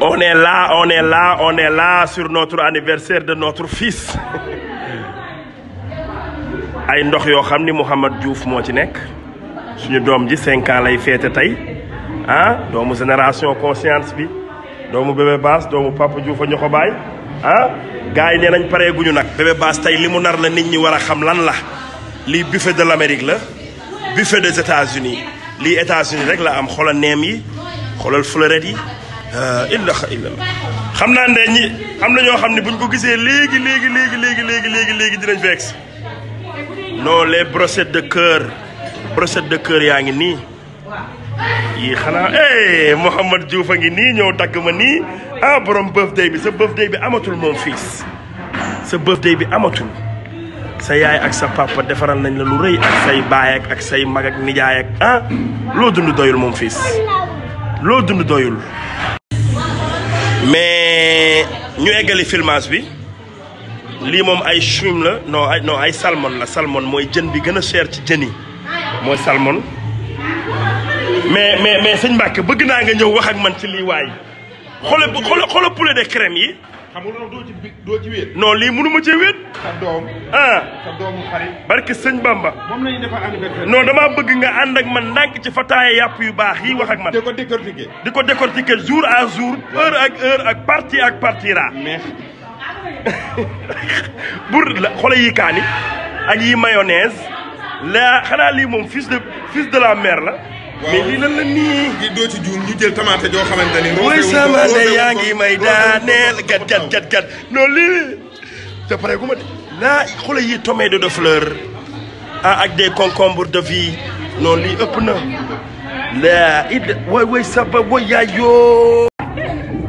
On est la on est là, on est là sur notre anniversaire de notre fils ay ndox yoo xam ni Mouhamad Diouf moo ci nekk suñu doom ji cinq lay feete tey ah doomu génération conscience bi doomu bébé baas doomu papa Diouf a ño ko baay ah gars yi nee nañ paree guñu nag bébé baas tey li mu nar la nit ñi war a xam lan la lii buffet de l'Amérique la buffet de États-Unis lii États-Unis rek la am xoolal neem yi xoolal fleurette yi illaha illallah xam naa ne ñi am na ñoo xam ne bu ñu ko gisee léegi léegi léegi léegi léegi léegi léegi dinañ vex non les brossettes de cœur brochette de cœur yaa ngi nii yii xanaa eh Mouhamad Diouf a ngi nii ñëw dagg ma nii ah borom birthday bi sa birthday bi amatul moom fiis sa birthday bi amatul sa yaay ak sa papa defaral nañ la lu rëy ak say baay ak say mag ak nijaay ak ah loo dund doyul moom fiis loo dund doyul mais ñu eggali filmage bi lii moom ay chum la non ay ay salmon la salmon mooy jën bi gën a cher ci jën yi mooy salmon mais mais mais sëñ Mbacke bëgg naa nga ñëw wax ak man ci lii waay xoolal xoolal poulet de crème yi. xam nga loolu doo ci lii mënu ma cee wéet. sa doom. Ah. sëñ Bamba. moom la ñu defal damaa bëgg nga ànd ak man ndànk ci fataaya yàpp yu baax yi wax ak ma di ko décortiquer. di ko décortiquer jour à jour. heure ak heure ak parti ak partira ra. mais. la xoolal yi kaani ak yi mayonnaise la xanaa lii moom fils de fils de la mère la. mais lii lan la nii. ngir doo ci joo xamante ni. mooy sama ndey yaa ngi may daaneel gat gat gat gat noonu lii. te pare gu de naa xoolal yi tomate de fleur ah ak des concombres de vie noonu lii ëpp na. laa it woy woy saba woy yaayoo.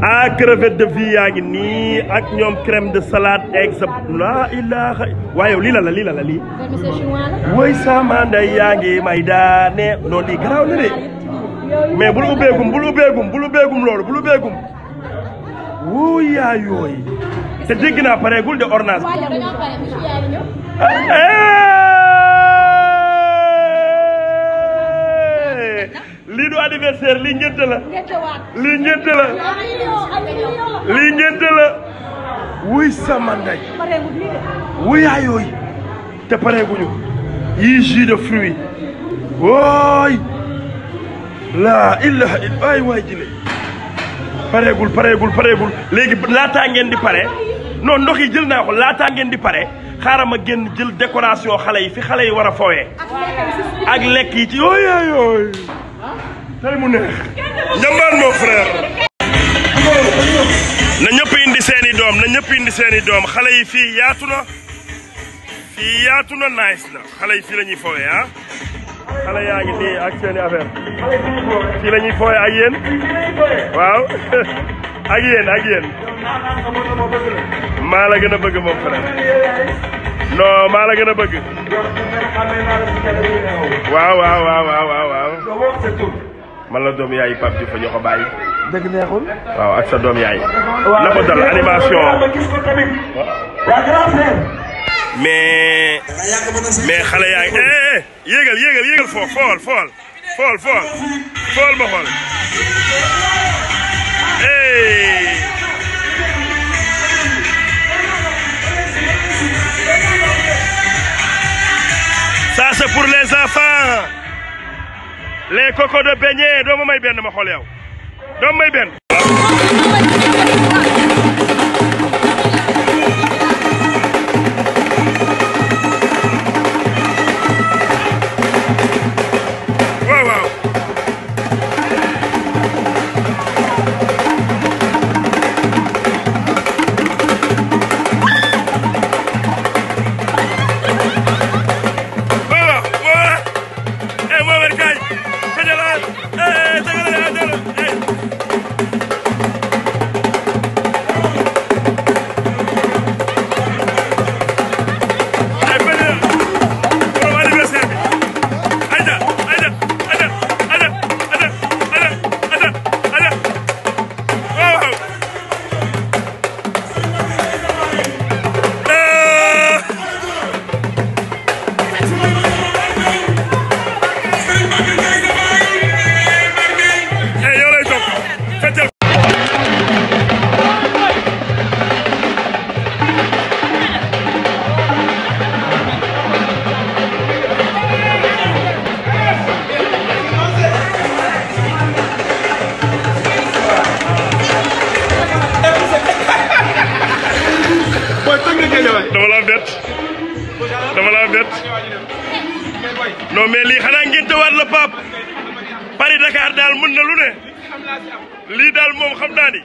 ah crevette de vie yaa ngi nii ak ñoom crème de salade egg sa laa ilaha waaye yow lii la la lii la la lii woy sama ndey yaa ngi may daane noonu lii garaaw na de mais bul ubbeegum bul ubbeegum bul loolu bul ubbeegum wuu yaa yooy te dégg naa pareegul de ornage lii du anniversaire lii ngénte lii ngénte la lii ngénte la wuy sama ndey te pareeguñu yii jus de fruit wooy laa illa waay waay jile pareegul pareegul léegi laataa ngeen di pare non ndox yi jël naa ko laataa ngeen di pare xaaral ma génn jël décoration xale yi fi xale yi war a fowee ak lekk yi ci yooyu tey moo frère na ñëpp indi seeni doom na ñëpp indi seeni doom xale yi fii yaatu na fii yaatu na nice na xale yi fii la ñuy fowee ah. xale yaa ngi nii ak seeni affaire fii la ñuy fowee ak yéen waaw ak yéen ak yéen maa la gën a bëgg moom frère non maa gën a bëgg waaw waaw waaw waaw waaw man la doom yaay Pape Diouf ñoo ko bàyyi. dëgg neexul. waaw ak sa doom yaay. na ko animation. mais mais xale yaa ngi eh, eh, eh, yéegal yéegal fool fool fool fool fool ma xool. c'est pour les enfants. les cocos de beignet doo ma may benn ma xool yow may benn. déet non lii xanaa ngénte waat la Pape Paris Dakar daal mën na lu ne lii daal moom xam naa ni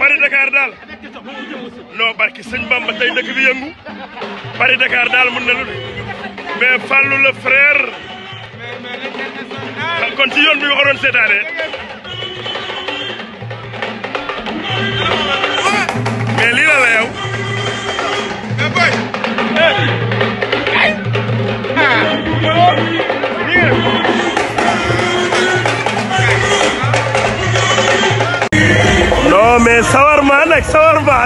Paris Dakar daal non barki sëñ Bamba tey dëkk bi yëngu Paris Dakar daal mën na lu ne mais Fallou le frère kon ci yoon bi nga ko doon lii la la rek soor ba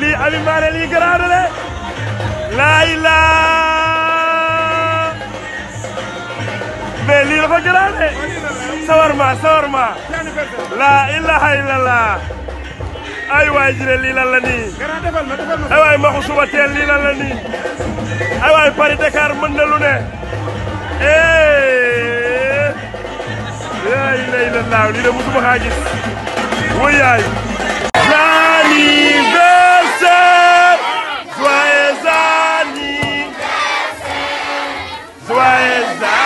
lii Habib Mané lii garaadu le laay laa mais lii dafa garaade soor ma laa ilaha illallah ay waay jire lii lan ay waay maxu suba lii lan ay waay Paris Dakar mën na lu ne eh. laa ilaha illallah lii de musuma xaa wuyaay anniversaire joyeux anniversaire joyeux anniversaire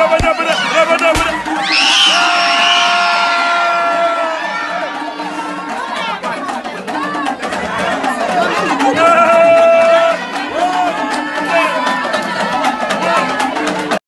dooba jàpp de dooba jàpp de